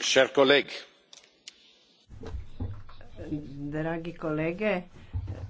Dragi kolege,